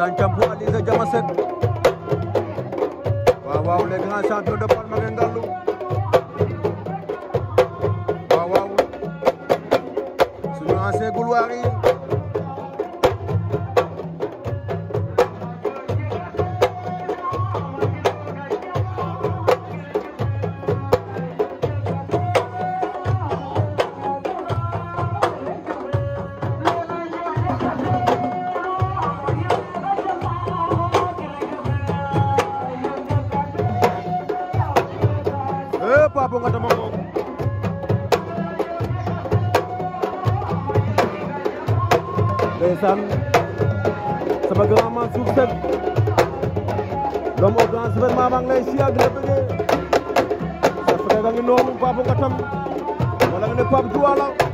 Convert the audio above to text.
Santhiam bu Aziza Jama Seck waaw waaw les grands champions de Palma ngeen ngàllu waaw waaw ee Papo nga dama ngoog ndeysaan sama grand man suuf set doomu organ super maa maa ngi lay siyaag la ngi noonu Papo tam wala nga ne Pape Douala